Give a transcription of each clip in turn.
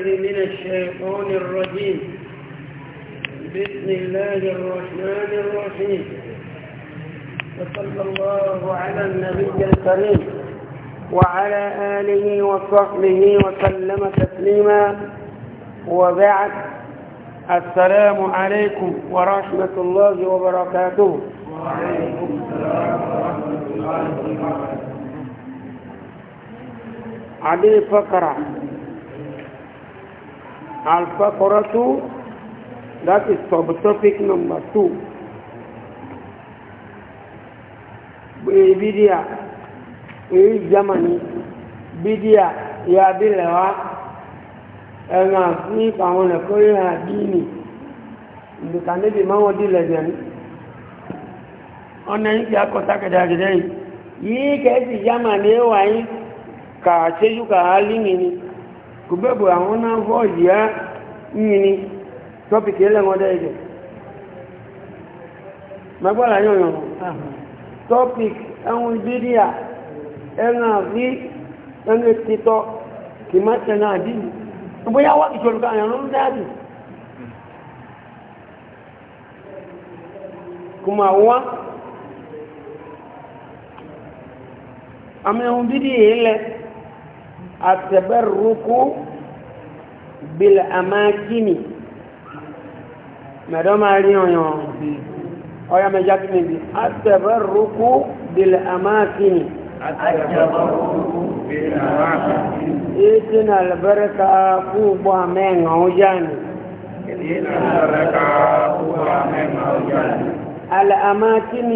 من الشيطان الرجيم بسم الله الرحمن الرحيم وصلى الله على النبي الكريم وعلى آله وصحبه وسلم تسليما وبعد السلام عليكم ورحمة الله وبركاته وعليكم السلام ورحمة الله وبركاته عديد فقرة Alpha Al-Baqarah that is subtopic number two. Bidia, in Germany, Bidia, Yabilewa, ẹ̀rọ ní àwọn ẹ̀kọ́ ìhà dìínì ìdùkànébì máwọn dìlẹ̀ jẹ̀ni ọ̀nà yìí kí a kọ sákẹ̀dẹ̀ àgẹ̀dẹ̀ yìí yìí kẹ́ẹ̀sì yámà ní ẹwà yìí kà ṣéjú kà límì ni kubebu àwọn náà fọ́ yìá yìí tọ́pìkì ẹlẹ́wọ̀dẹ́ ẹ̀jẹ̀ magbọ́lá yọ̀yọ̀ tọ́pìkì ẹ̀wọ̀n ìbíríà ẹ̀nà rí ẹnu títọ́ kì má tẹ̀nà àdínì bóyá wá ìṣòlùkà àyànlọ́ ń dáàbì kùmà wá àmì ẹ̀wọ̀n bíríà yìí lẹ́ àtẹ̀bẹ̀rúkú bílẹ̀ àmákíní mẹ̀dọ́ máa rí ọ̀yàn ọ̀yà mẹ́já kí níbi àtẹ̀bẹ̀rúkú bílẹ̀ àmákíní àtẹ̀bẹ̀rúkú bílẹ̀ àmákíní الأماكن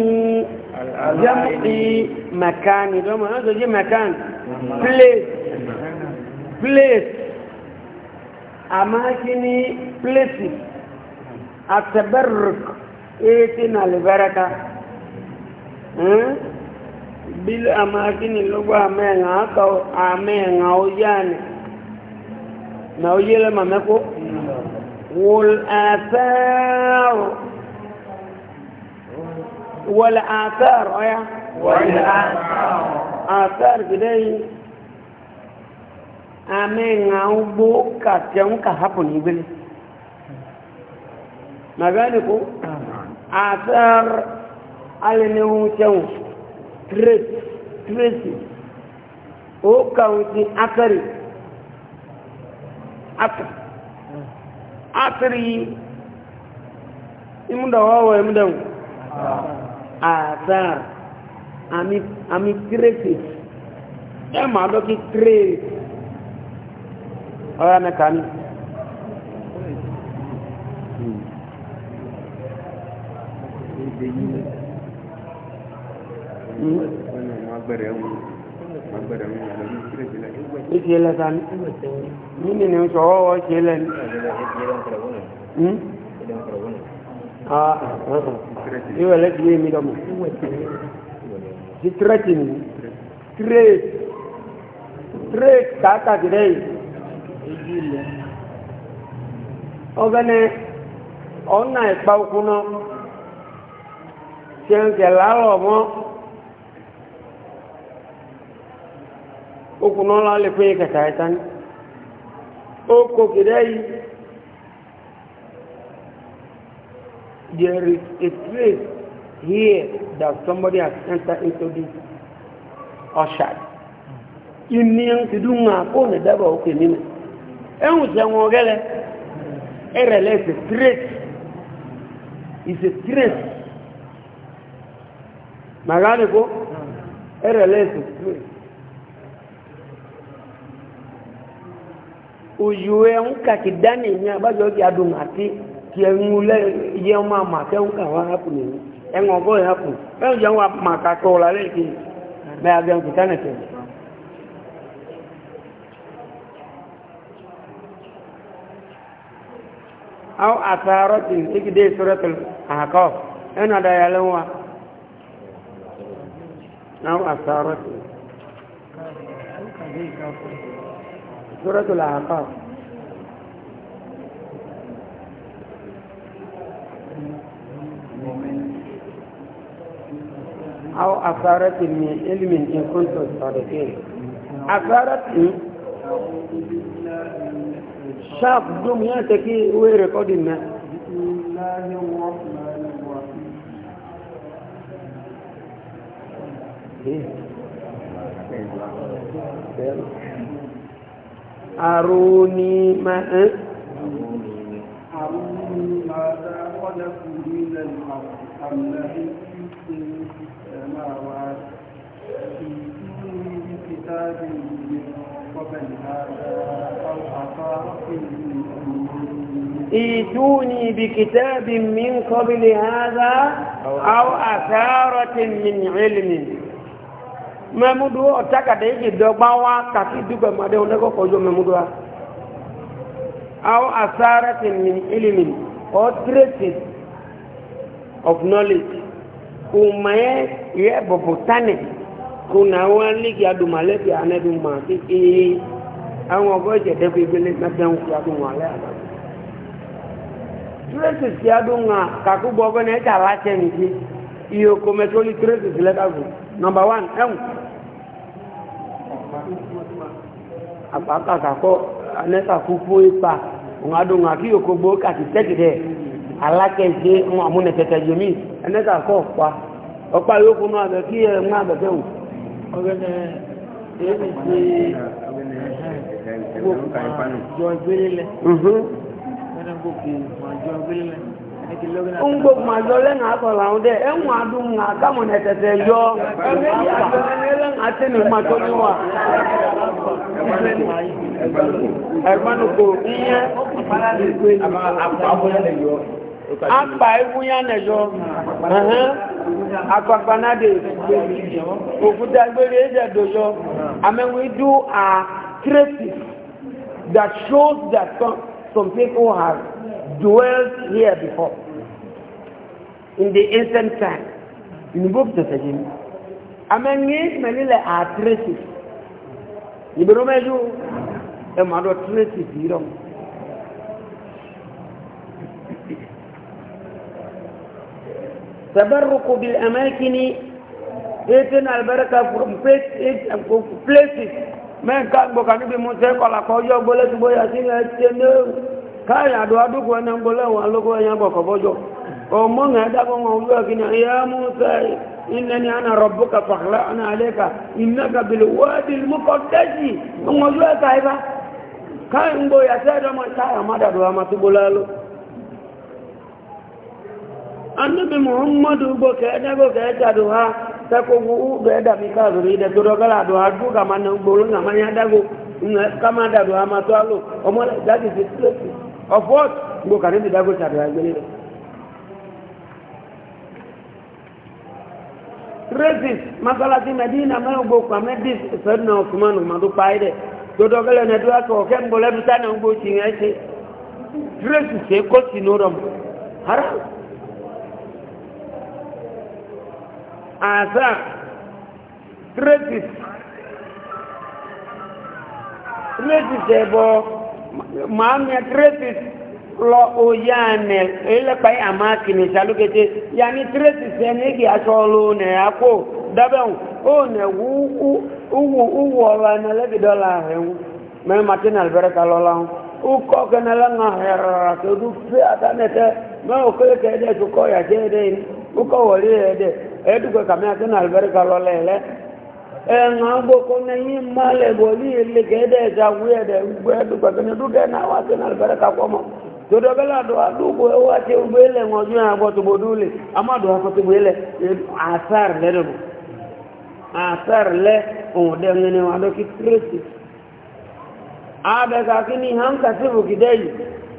جمع مكان دوما هذا مكان place place amakini places atabarruk eti na albaraka hmm? bil amakini lugu amenga aka amenga ujane na ujele mameko wal athar wal athar aya wal athar athar gidei amenga ugbo katia nka hapo ni vile magani ku athar ale ne uchau trace trace o kaunti athari athar athari imunda wawe imunda athar ami ami trace ema doki trace ọ̀rá mẹ́ta ní ìṣe lẹ́ta ní nínú ni sọ ọwọ́ ṣe lẹ́ni ìwẹ̀ lẹ́tí yé mi dọ́mọ̀ sí tírẹ́tì ní tírẹ́tì tírẹ́tì tààtà tírẹ́tì ìdílé ọgbẹ́ni ọ̀nà ìpa okun náà ṣe ń kẹ̀ láàrọ̀ mọ́ okun náà lálẹ́ fún ìkẹta ẹ̀ta ní ó kò kìdẹ́ yìí there is a place here that somebody has entered into this orchard. Ìní ń ti dùn àkóònì dábàá òkè nínú. ẹ̀hùn sẹ̀wọ̀n gẹ́lẹ̀ ẹ̀rẹ̀lẹ̀ is a trace is a trace màgánìkó ẹ̀rẹ̀lẹ̀ is a trace òyò ẹ̀hùn kàkì dání ní abájọ́ ti adùn àti kí ẹ̀hùn lẹ́ yẹ ọmọ àmà kẹ́hùn kàwọn hapù nìyí ẹ̀hùn ọgọ́ ìhapù ẹ̀hùn jẹun àmà kàkọ́ ọ̀la lẹ́ẹ̀kì mẹ́ agẹ́hùn kìtánẹ̀tẹ̀ẹ̀ aw athaaratin ikide suratul ahqaf ina da yalanwa aw athaaratin suratul ahqaf aw athaaratin min ilmin in kuntum sadiqin athaaratin sharp dome yẹn tẹ kí أروني ما أروني ماذا خلقوا من الأرض أم لهم في السماوات في كتاب من ايتوني بكتاب من قبل هذا او اثارة من علم mẹ́múdú ọ̀tákàdé ìdọ́gbá wá kàkí dúgbà máa dé onẹ́kọ̀ọ́kọ́ ojú mẹ́múdú wá àwọn àsáàrẹ́tì ní ilimi or traces of knowledge kò mọ̀ ẹ́ bọ̀bọ̀ tánìkì kuna wali ki adumale ki aneduma ki ki àwọn ọgọ́ ìjẹ̀dẹ́ fi gbélé mẹ́tẹ́hùn kí adùn alẹ́ àdá traces kí adùn à kàkúgbọ́ ọgbẹ́ ní ẹ̀ka aláṣẹ nìyí iye oko mẹ́tọ́ ní traces lẹ́tàgùn number one ẹ̀hùn àpákàkọ́ anẹ́kàkú fún ipa yomi ọgbẹ́nẹ èyí ti gbogbo àjọ ma lẹ ọgbẹ́nẹ gbogbo àjọ ìgbélé ń gbogbo àjọ lẹ́nà àkàmù nẹ̀tẹ̀tẹ̀ yọ àtẹnu màtó ní wa. ẹ̀gbọ́nùkò ìyẹn àpà ẹ̀kúnyà nẹ̀yọ. akpapanade òkúta gbére ẹ̀jẹ̀ dòjọ́ I we do are traces that shows that some, some people have dwelt here before in the ancient time in book to sejim I mean we many are traces ìbẹ̀rù mẹ́jọ ẹ̀ máa dọ̀ traces yìí rọ̀ mọ́. tabarruku bil amakini etin albaraka from places men ka gbo kan bi mo se ko la ko yo gbole tu boya si le se no ka ya do adu ko na gbole wa lo ko yan bo ko bojo o mo nga da ko mo yo kini ya musa innani ana rabbuka fakhla ana alayka innaka bil wadi al muqaddas mo yo ka iba ka ngbo ya se do mo ta ma da do ma tu bolalo annabi muhammadu bo keɗe go keeca duha tako gu uɓee dami kasuriide durogala duha gugamane gbolungamanyadagu kamada duha matualu omole jagisi ofot ngu kanidi dagu caduha gelire resis masalati medina me ugbo kwame dis sedna osumanu madu paide dodogele ne du ake oke mgbole bitane ugbo chinyeche resis ekosi nurom haram àṣà traces traces ẹ̀bọ màá mẹ traces lọ oyá ẹ̀nẹ̀ ẹlẹ́pàá yà máa kìnnì ṣàlùkẹ́tẹ́ yà ní traces ẹni èkì aṣọ ọlọ́ọ̀nà àkó dábẹ̀hùn ó nẹ̀ wúwú ọ̀rọ̀ ẹ̀nà lẹ́gìdọ́là ẹ̀hún mẹ́rin ẹ̀dùkọ̀ kàmí àtúnà àlùbáríkà lọ́lẹ̀ lẹ́ ẹ̀rùn agbókò nẹ́yìn mọ́lẹ̀ bọ̀ ní ilé kẹ́ẹ̀dẹ̀ ẹ̀dà wúyẹ̀dẹ̀ gbogbo ẹ̀dùkọ̀ kẹ́ni dúkẹ́ náà wà sí àlùbáríkà kọ́mọ́ todobelado adugo ewa ti ubele ngoju na gbo to bodule amadu ha to ubele asar le do asar le o de ngene wa do ki kristi abe ka kini han ka sibu kidei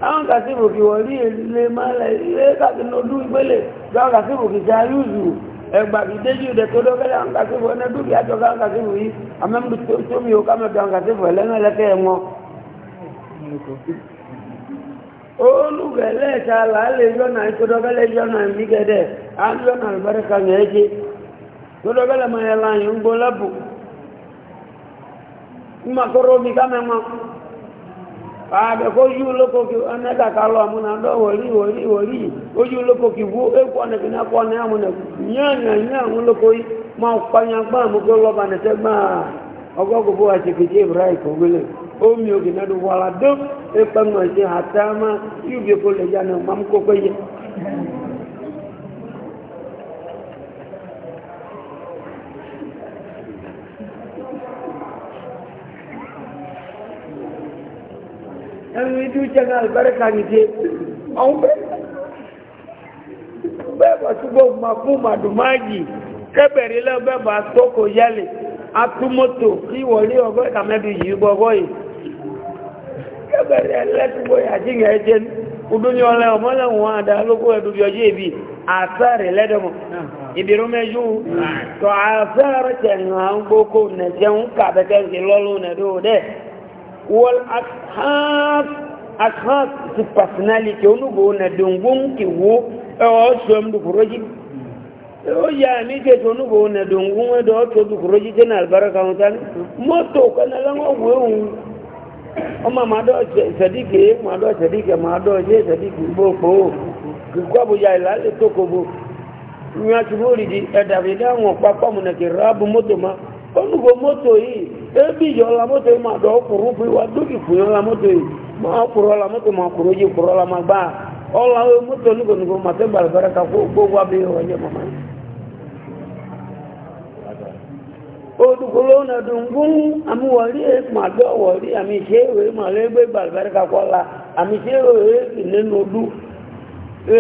kasi kàtíbù kí wọ́n rí èlé máa lẹ̀ ilé kàtínú ọdún ìgbélé gbọ́n kàtíbù kí já yúzù ẹgbàgídéjì ìdẹ̀tọ́dọ́gẹ́lẹ́ àǹkàṣẹ́fọ́ ẹ̀nà dúkìá àjọgá àǹkàṣẹ́fọ́ yìí amẹ́mú tó mi ò kámẹ́tò àǹkàṣẹ́fọ́ ẹ̀lẹ́mẹ́lẹ́kẹ́ ẹ̀wọ̀n olùgẹ̀lẹ́ta làálẹ̀ ìtọ́dọ́gẹ́lẹ́ yọ́nà ààbẹ̀ kó yí olókòkì ẹnẹ́dàká lọ àmúnadọ́ wòrí wòrí wòrí ó yí olókòkì wó ékù ọ̀nẹ̀kì náà kọ́ ní àmúnà yíyànjẹ́ ní àwọn olókòyí máa pààyà gbá àmúgbó lọ́ba nẹ̀tẹ́ gbá ọgọ́gọ́ bó àṣekèké ibrahim kògbélé omi ògì náà wàlá yá náà máa mú yẹ dukiyar albarka ni je an bẹ́ẹ̀bà túbọ̀ máa fún màdùmáàgì kẹ́bẹ̀rẹ̀ lẹ́wọ́ bẹ́ẹ̀bà tó kò yẹ́lẹ̀ atúmọ́tò kí wọlé ọgọ́ ìkàmẹ́bí yìí gbọ́gọ́ yìí kẹ́bẹ̀rẹ̀ lẹ́tùbọ̀ àjíyàn ẹjẹ́ udúni ọlẹ́ ọmọlẹ́wọ̀n àdá lókó ẹ̀dùbí ọjọ́ ìbí àṣàrẹ̀ lẹ́dọ̀mọ̀ ìbìrúmẹ́jú tọ́ àṣàrẹ̀ tẹ̀yìn àwọn gbókò nẹ̀jẹun kàbẹ́kẹ́ akhan ti personality onugo na dungun ki wo e o so mdu kuroji e o ya mi ke to onugo na dungun e do to du kuroji na albaraka mutan moto kana la ngo wo o ma ma do sadike ma do sadike ma do je sadike bo ko ki kwa bu ya la le to ko bu mi ati won na rabu moto ma onugo moto yi ebi yo la moto ma kpụrụla moto ma kwụrụ ji ma gbaa ọla moto nugonugo mata gbalabara ka kwụọ ụgwọ abụghị onye mama odukolo na dungun ami ma dọ wọri ami ṣe ewe ma lọ egbe ka la ami ṣe ewe nínú odu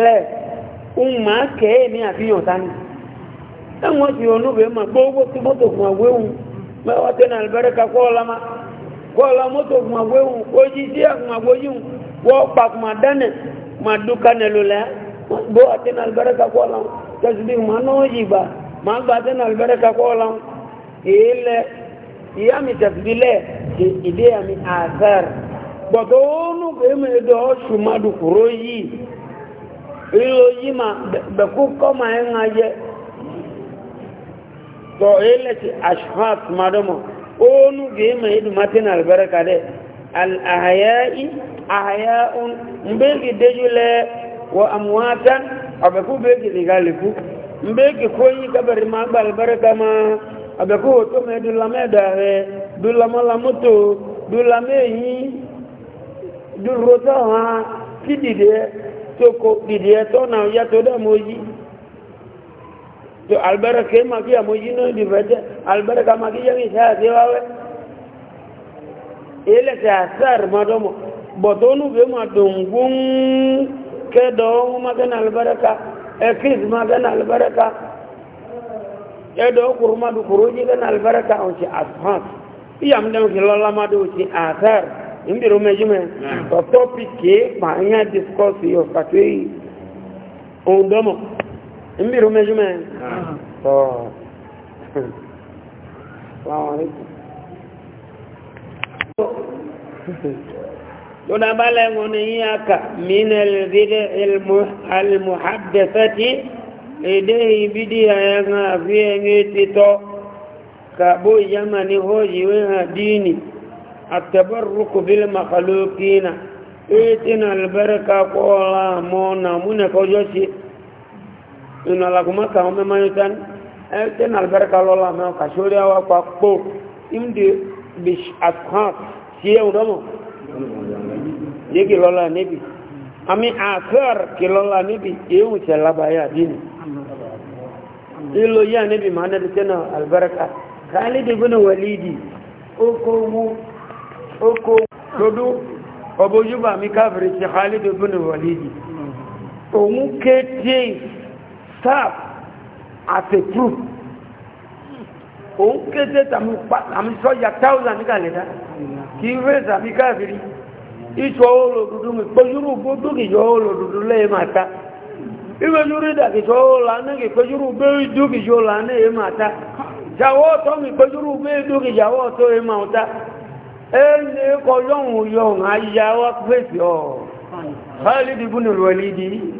lẹ ma kẹ́ẹ̀ ní àfihàn tani ẹ̀wọ̀n ti ọ̀nùbẹ̀ ma gbogbo tí moto fún àwẹ̀wù mẹ́wàá tẹ́nà àlùbẹ́rẹ́ ka kwụọ la ma. kọ́ọ̀lá mọ́tò kùmàgbéhùn ojí sí àkùmàgbóyún wọ́n pa kùmàdánẹ̀ màdúkanẹ̀ lulẹ̀ bó àtẹ́nà albẹ́rẹ́ka kọ́ọ̀lá tẹ̀sùdí ma náà yìí bá ma gba àtẹ́nà albẹ́rẹ́ka kọ́ọ̀lá èélẹ̀ ìyá mi tẹ̀sùdí lẹ̀ ìdí àmì àfẹ́r gbọ̀dọ̀ ónú kèémẹ̀ èdè ọ̀ṣù madùkúrò yìí ìlò yìí ma bẹ̀kú kọ́ ma ẹ̀ ń ayẹ tọ̀ èélẹ̀ ti àṣùfà onu ma idu matin albaraka de al mbe ahya'un mbeki le wa amwatan abeku beki ligaliku mbeki koyi kabari ma albaraka ma abeku to me du la ma da re la moto du la me yi du rota ha kidide toko dide to na ya to da moji to albaraka ma ki diferente jino di vete albaraka ma ki yangi sa sewa we ele sa sar madomo bodonu be ma dongun ke do ma kan albaraka e kris ma kan albaraka e do kurma du kuruji kan albaraka on ci ashab iyam dem ki lola ma do ci asar imbiro mejume to topic ke ma nya discuss yo katwe ondomo ń bìrù mẹ́júmẹ́ tọ́ tó dábálẹ̀ wọn ni yí aka mínal bídẹ̀ almuhaddasati èdè ìbídí àyàn àfi ẹni títọ́ kàbó ìyáma ni hóyí wíhàn díìnì àtẹ̀bọ̀rùkù bílẹ̀ makalókínà ètìnà albarka kọ́ ọ̀la mọ́nà múnẹ̀kọjọ́ sí nínú alagoma kan ọmọ e, ẹmọ yóò tán ẹtẹ náà albarka lọ́la mẹ́wọ́ kàṣórí àwọn akọ akpó ìmúdi bish afhan sí ẹ̀wọ̀n dọ́mọ̀ yé kì lọ́la níbi àmì àkàr kì lọ́la níbi èéhùn ṣẹ̀ lábàáyà dínì ìlò yá níbi màá nẹ́bi tẹ́ náà albarka káàlì dìbò náà wẹ̀lídì ókó mú ókó lódú ọbójúbà mi káfìrí ṣe káàlì dìbò náà wẹ̀lídì òun kété serve as a proof òun kéde tàbí sọ́jà táwùsàn ní kàlẹ́dá kì í fẹ́ tàbí káàkiri ìṣọ́ olódùdú mi pẹ́júrú gbódú kì yọ olódùdú lẹ́yìn máa ta ìwéjú rí dàkìṣọ́ kì pẹ́júrú bẹ́ẹ̀ dú kì yọ olóòlànà èyí máa ta ìyàwó ọ̀tọ́ mi pẹ́júrú bẹ́ẹ̀ dú kì yàwó ọ̀tọ́ ta ẹni ọ̀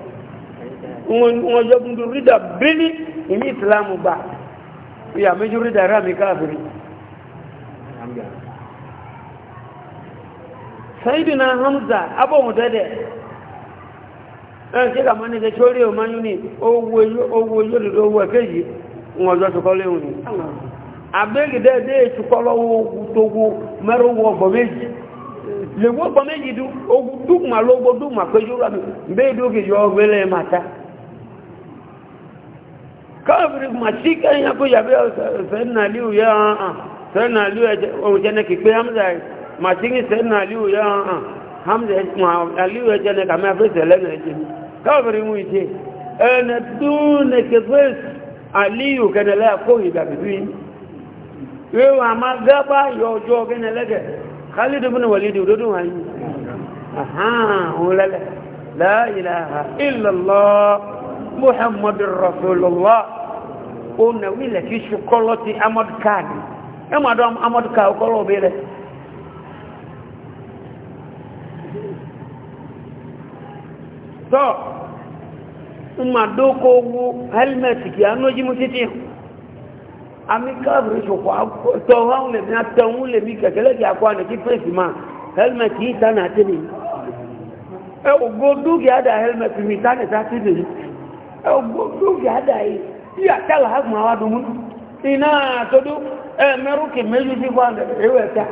wọn yọ bùdù rídà bíní ìní ìsìlámù gbà ìyà méjì rídà rà mí káàbìrì sẹ́yìdì náà hamza abọ́hùn dẹ́dẹ̀ ẹ̀rìn tí ọmọ ní owó yóò owó méjì dùn ogun dùn dùn yọ ọgbẹ́lẹ́ káàbìrì màtí kẹ́yìn akóyà bí sẹ́nàlíù yá hàn sẹ́nàlíù ẹ̀jẹ̀nẹ̀ kìpé hamza màtí ní sẹ́nàlíù yá hàn hamza aliu ẹ̀jẹ̀nẹ̀ kàmí afẹ́sẹ̀ lẹ́nu ẹ̀jẹ̀ káàbìrì mú ìṣe ẹ̀nẹ̀ dúnne kẹfẹ́ aliu kẹ́nẹ̀lẹ́ akóyì dàbíbí wíwọ́n àmà gábà yọ ọjọ́ kẹ́nẹ̀lẹ́gẹ̀ khalid bin walid òdodo wà yìí òun lẹ́lẹ̀ láìláha illallah muhammadu rasulullah ona wile kishu kolo ti amod kan Emu ma do amod ka kolo bele to ma do ko wu helmet ki anoji mu titi ami ka bru so ha to na le mi atun le mi kekele ki akwa ni ki face ma helmet yi tana tini e o go do ada helmet mi tana tini e o go ada yi tí àtàlà àgbà wa dùn múnú iná àtọ́dú ẹ̀mẹ́rùkì méjì sí fún àgbẹ̀ ewé ẹ̀ta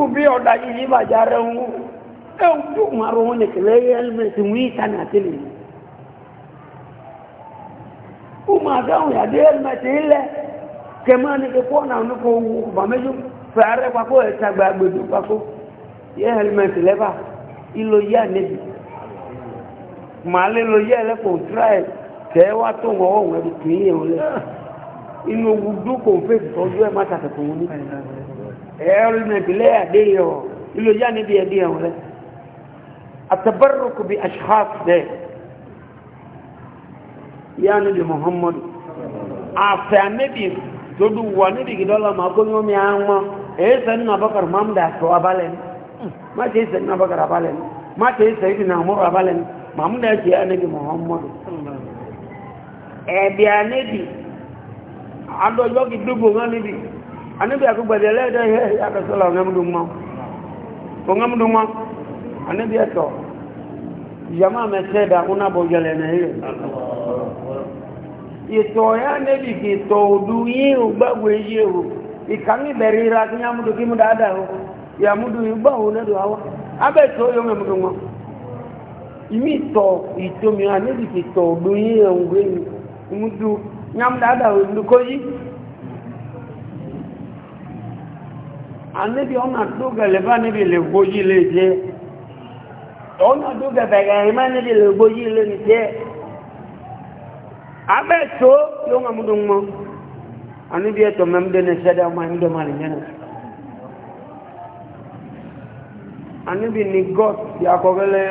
ubi ọ̀dà yìí ní bàjá rẹ̀ ń wú ẹ̀hùn tó ń arọ wọn nìkẹ̀lẹ́ ẹlẹ́mẹ̀tì wí ìtàn àtìlẹ̀ ó máa dáhùn yàdé ẹlẹ́mẹ̀tì ilẹ̀ kẹmọ́ ní kíkọ́ náà ní lo tẹ́ wá tó wọn ọ̀hún ẹ̀rù kì í yẹn lẹ́ inú ogun dúkò ń fèsì tọ́jú ẹ̀ má ṣàtẹ̀kùn wọn ní ẹ̀rù nàìjíríà àdé yẹ ọ ilé yá níbi ẹ̀dí ẹ̀ wọn lẹ́ àtẹ̀bẹ́rùkù bí ashaf dẹ̀ yá níbi muhammad àfẹ́ àmẹ́bí tó wà níbi gidọ́lá máa kó ní omi àwọn èyí sẹ́ni nàbọ́kàr máa ń dà sọ abálẹ̀ má ṣe é sẹ́ni nàbọ́kàr abálẹ̀ ní má ṣe é sẹ́ni nàmúrò abálẹ̀ ní màmúdà ṣe é níbi muhammad ẹ̀bí anẹ́bì adọ́jọ́ kì dúgbò wọn níbi anẹ́bì àkúgbẹ̀dẹ̀ lẹ́ẹ̀dẹ́ yẹ akẹ́sọ́lá ọ̀gámúdùmọ́ anẹ́bì ẹ̀tọ́ jama mẹ́sẹ́dà kúnàbọ̀jẹ̀lẹ̀ nàíyẹ̀ ìtọ̀ ya nẹ́bì kì tọ̀ òdú yìí ògbàgbé yìí o ìkàmì bẹ̀rẹ̀ ìrà kí yàmúdù kí múdà dà o yàmúdù ìgbà òun nẹ́dù àwọ́ abẹ́tọ̀ yọ mẹ́múdù wọn ìmí tọ̀ ìtòmìnà nẹ́bì kì tọ̀ òdú yìí ògbàgbé yìí ndu nyam dada ndu koji anabi ona doga leba nabi le goji le je ona doga bega ima nabi le goji le je abe to yo ngamudu mo anabi eto memde ne sada ma ndo mali nyana anabi ni god ya ko gele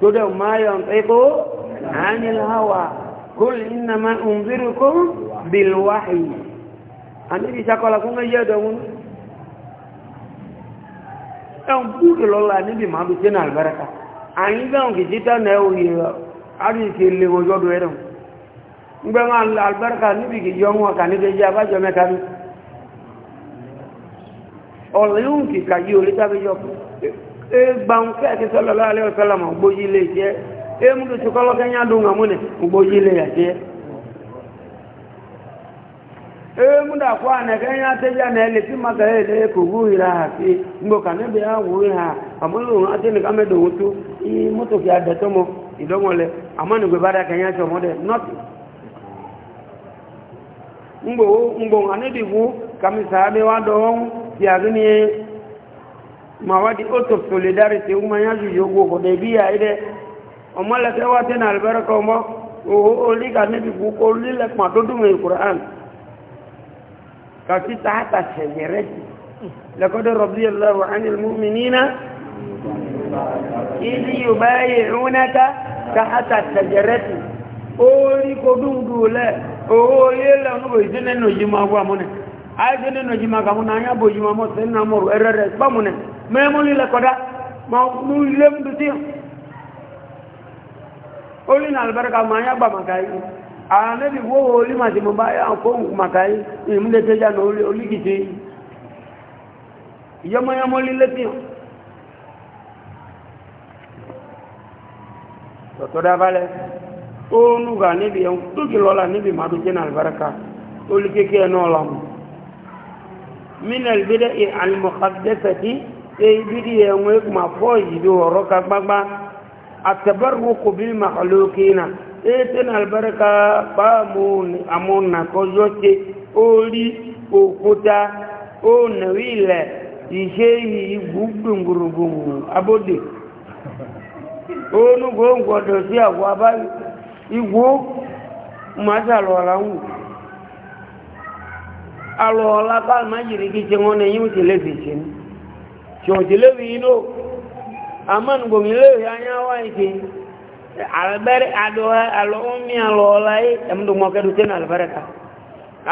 to de mayon eko anil hawa kul innama unzirukum bil wahyi anibi sakola ko ngeje do mun en buke lola anibi ma bi tena albaraka ayin ga on gijita na o yi ari ke le wo jodo ero ngbe ma albaraka anibi ki yo ka kan de ja ba jo me kan ọlẹ́yìn kìkà yìí ò lè tàbí yọ ẹgbàun kẹ́ẹ̀kì sọ́lọ́lọ́ alẹ́ ọ̀sọ́lọ́mọ̀ gbójí lè jẹ́ e eh, mú kìí ṣùkọ́ lọ́kẹ́ yá dùn àmúnì eh, gbogbo yílẹ̀ yàtí ẹ́ e mú dàkọ́ ànẹ̀kẹ́ yá tẹ́jà nẹ́lẹ̀ tí ma kẹ́lẹ̀ ilẹ̀ kò gú ìrà àti gbogbo ànẹ́bẹ̀ àwòrán ìhà àmúlòrán àtẹ́nìká mẹ́dòwó tó yí mọ́tò kí adẹ̀tọ́mọ ìdọ́mọlẹ̀ àmọ́nìgbè bá dákẹ́ yá sọmọ́dẹ̀ nọ́ọ̀tì mawadi auto solidarity umanya jujogo ko debiya ọmọ lẹ́sẹ̀ wá tẹ́ náà àlùbẹ́rẹ́kọ ọmọ olíga níbi gbogbo olílẹ̀kùn àdódùmọ̀ ìkùrán kàtí tààtà sẹ̀yẹrẹ́ jù lẹ́kọ́dọ̀ rọ̀bí ẹ̀lọ́rọ̀ ánìlmúmi níná ìdí yorùbá yìí rúnẹ́ká tààtà sẹ̀yẹrẹ́ jù orí kò dúdú lẹ̀ owó yé lẹ́nu òjì nínú yìí máa wà múnẹ̀ àìsí nínú yìí máa kàmúnà ayábò yìí máa mọ́ sẹ́yìn náà mọ̀rọ̀ ẹ̀rẹ́rẹ́ gbámúnẹ̀ mẹ́mú lílẹ̀kọ́dá máa mú ilé mú oli na albarka ma ya ba makai anabi wo oli ma ti mo ba ya ko makai imle te ja no oli oli kiti yamo yamo li leti to to da vale o nu ga ni bi to ki lola ni bi ma do jena albarka oli ke ke no lam min albida'i al-muhaddathati e bidi e mo ma fo yi do ka gbagba atabaruku bil makhluqina etin albaraka pamun amuna kozote ori okuta o nawile iseyi igbudungurugungu abode onu gongo odo si awo abayi igwo masa lọla ń wù alọla ká aman gbòmí lóòrì anyáwá ìké albẹ́rẹ́ àdọ́wà alọ́ọ̀mí alọ́ọ̀láyé ẹ̀mdùnmọ́kẹ́dù tẹ́nà albẹ́rẹ́ka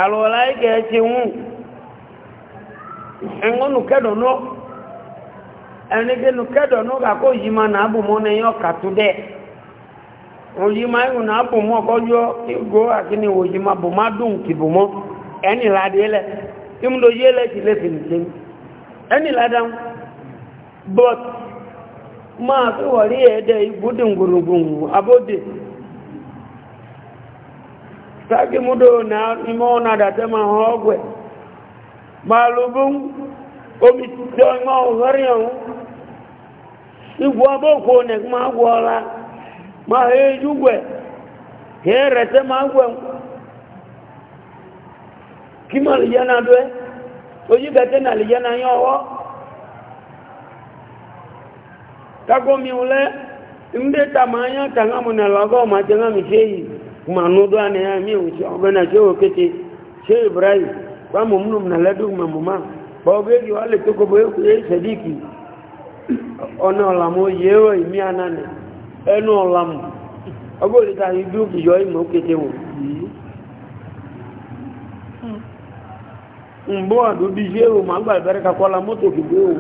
alọ́ọ̀láyé kẹ́ẹ̀tì wù ẹ̀ngọ́nù kẹ́dọ̀nọ́ ẹnigẹ́nu kẹ́dọ̀nọ́ kàkó yìí náà bùmọ́ nẹ́yọ́ kàtú dẹ́ òyìnbá ìwò náà bùmọ́ kọjọ́ ìgò àkíní òyìnbá bùmọ́ dùn kì bùmọ́ ẹni ládìílẹ̀ ìmúdóyé lẹ́tì lẹ́fìnìṣẹ́ ẹni ládàá but máa fi wọ̀rí ẹ̀ẹ́dẹ̀ ibùdùn gbùrùgbùrù abóde sáàkì múdò náà na ọ̀nà àdàtẹ́ máa hàn ọgbẹ̀ máa ló bú omi tí ó imọ́ ọ̀rẹ́ abókò nẹ̀ máa wọ máa hẹ́ ẹjúgbẹ̀ kẹ́ ojú lè yán tako miule mbe tamanya tangamu na lago matanga mishei manudo ane ya mi uchogana cheo kete che ibrahim kwa mumnu mnaladu mamuma bogeli wale tuko boyeku ye sadiki ona olamo yewe imi anane enu olamo ogoli ta hidu kijo imo kete wo hmm. mbo adu bijeru magba bereka kwa la moto kibo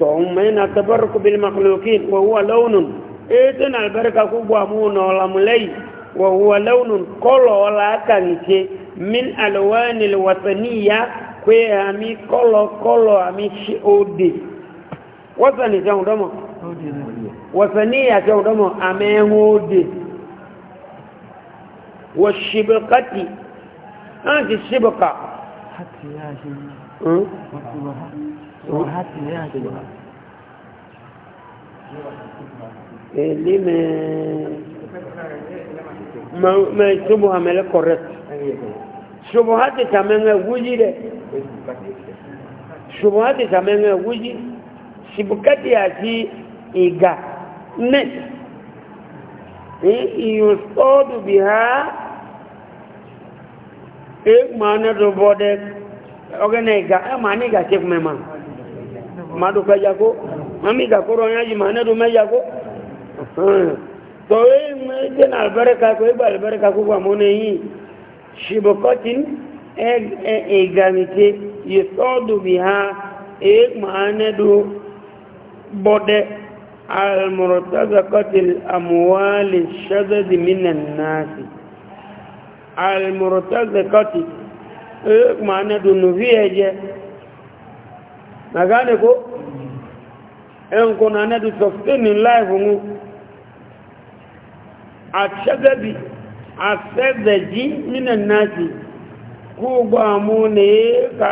فهم من التبرك بالمخلوقين وهو لون إذن البركة كبوة مون ولملي وهو لون كل ولا كنتي من ألوان الوطنية كي أمي كل كل أمي شئودي وطني جاو دمو وطنية جاو دمو أمي هودي والشبقة أنت الشبقة حتى يا شبقة Wahati ni aje bwana? Lime ma ma subuha mele correct. Subuhati tamenga wuji de. Subuhati tamenga wuji. Sibukati aji iga net. Yusadu e, biha ek mana do bodek ogene iga e, mani ga chek madu kaja ko mami da koro nyaji mane du meja ko to e meje na albaraka ko e albaraka ko kwa mone yi shibokotin e e, e gamite yisodu biha e mane du bode al murtazaqatil amwal shadad minan nas al murtazaqati e mane na gane ko ɗan kuna na da sustaining life mu a shagabi a sadaji minan nasi ko ba mu ne ka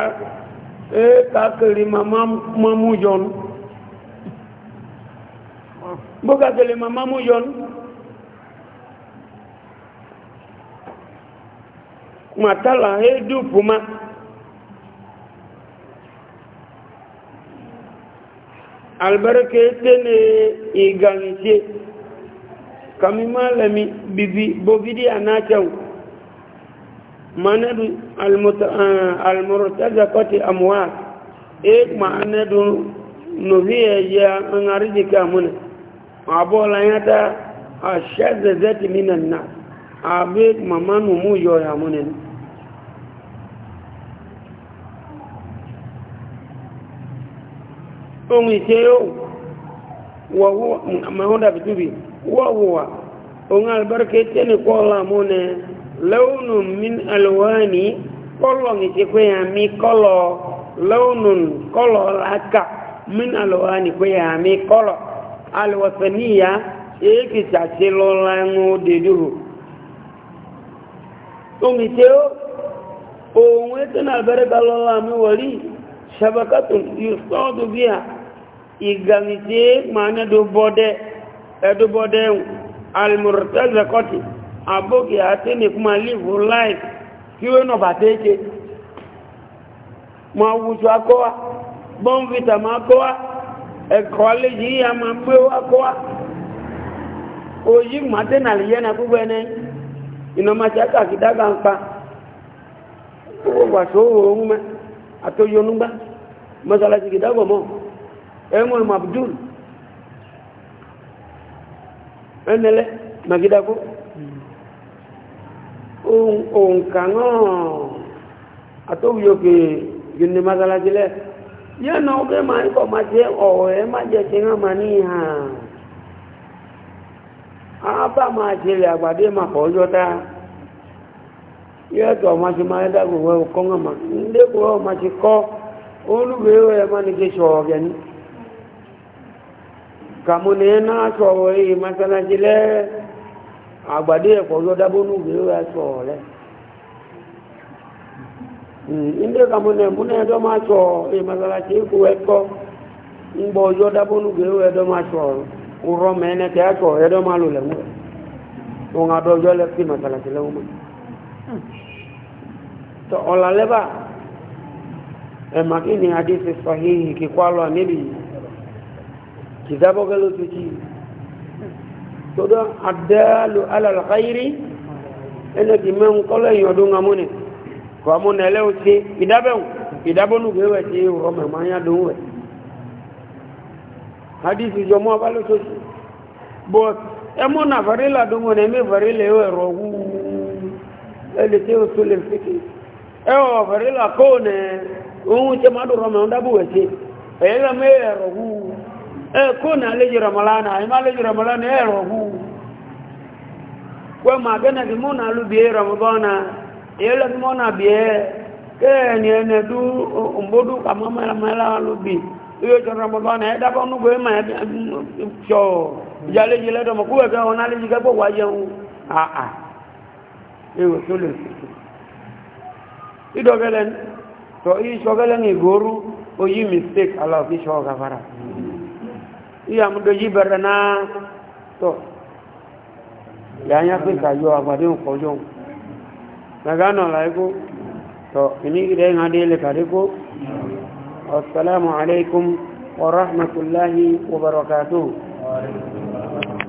e kakiri mamu jon bó kakiri mamu jon matala edu albarka tene iganice kami malami bibi bobidi anachau manadu eh, almurtaza kati amwat e manadu nuhiye ya ngarijika muna abola yata ashazazati minan nas abe mamanu mu yoya munen ohun ìṣe yóò wọ̀wọ́ àmàhóndà bìtúbì wọ́wọ́wà ohun albarka tẹ́lì kọ́ọ̀lá múnẹ lẹ́ọ̀nù min alwani kọ́lọ̀ ìṣe pé yà mí kọ́lọ̀ ya kọ́lọ̀ láka min alwani pé ya, mí kọ́lọ̀ alwasaniya èéfì ṣàṣe lọ́la ń ohun ìṣe ohun ètò bá lọ́la mi yóò sọ́ọ́dù igamitie mana do bode edo bode al murtazaqati aboki atene kuma live life kiwe no bateke ma wuju akoa bon vita ma akoa e college ya ma mwe akoa oyi matena liyana kubene ina machaka kidaga mpa owo wa so owo mu atoyo nungba masala kidago mo ẹ̀wọ̀n mabdul ẹnẹlẹ magidako ohun kanáà àtọ́wìyókè gẹ̀ẹ́nì magalajilẹ̀ yẹ́nà ọgbẹ́ ma ikọ̀ ma jẹ́ ọ̀wọ̀ ẹ má jẹ́ ṣe rán ma ní ìhàn àbá ma jẹ́lẹ̀ àgbàdé ma pọ̀ ọjọ́ tá yẹ́tọ̀ ma ṣe ma ẹ́dàgbòwẹ́ ọkọ́ ma ń dẹ́gbòwẹ́ ma ṣe kọ́ olúgbé ẹ̀ ma ní kí ṣọ̀ọ̀gẹ̀ ní kamu nena so oi masalah jile abadi ah, ko yo dabunu yo aso le hmm, inde kamu ne mune do ma so e eh, masalah ji ku eko mbo hmm, yo dabunu yo e do ma so uro mene te ako e do malu le mu o nga do yo le ki masalah jile mu to ola le ba e eh, makini hadithi sahihi kikwalo nibi ìdábọ́gẹ́ ló ti kí tọ́dọ́ àdáàlù alàlàkáyírí ẹnẹ́kì mẹ́rin kọ́lọ̀ èèyàn ọdún amúnẹ̀ kọ́ amúnẹ̀ ẹlẹ́wọ̀n ti ìdábẹ̀wò ìdábọ́nùgbé wẹ̀ tí ọmọ ẹ̀mọ́ ayá dùn wẹ̀ hadisi jọmọ́ abálótótó but ẹmọ́ na varila dùnmọ́ ní ẹmí varila ẹwọ́ ẹ̀rọ wúwú ẹlẹ́ tí ó tó lè fi kí ẹwọ́ varila kóò nẹ ohun tí ma dùn rọmọ ọdún dábò wẹ̀ sí ẹ̀yẹ́ kuna leji ramalana ima leji ramalana ero hu kwa magana kimona lubie ramadana ele kimona bie ke ni ene du mbodu kama mela mala lubi iyo jo ramadana eda ko nugo ma cho jale jile do mkuwe ka ona leji ka ko waje hu a a ewo sole idogelen to i shogelen igoru oyi mistake ala fi shoga fara mm iya mudo jibara na to ya nya pe ka yo abade un ko jo na to ini ide nga de le ka de assalamu alaikum wa rahmatullahi wa barakatuh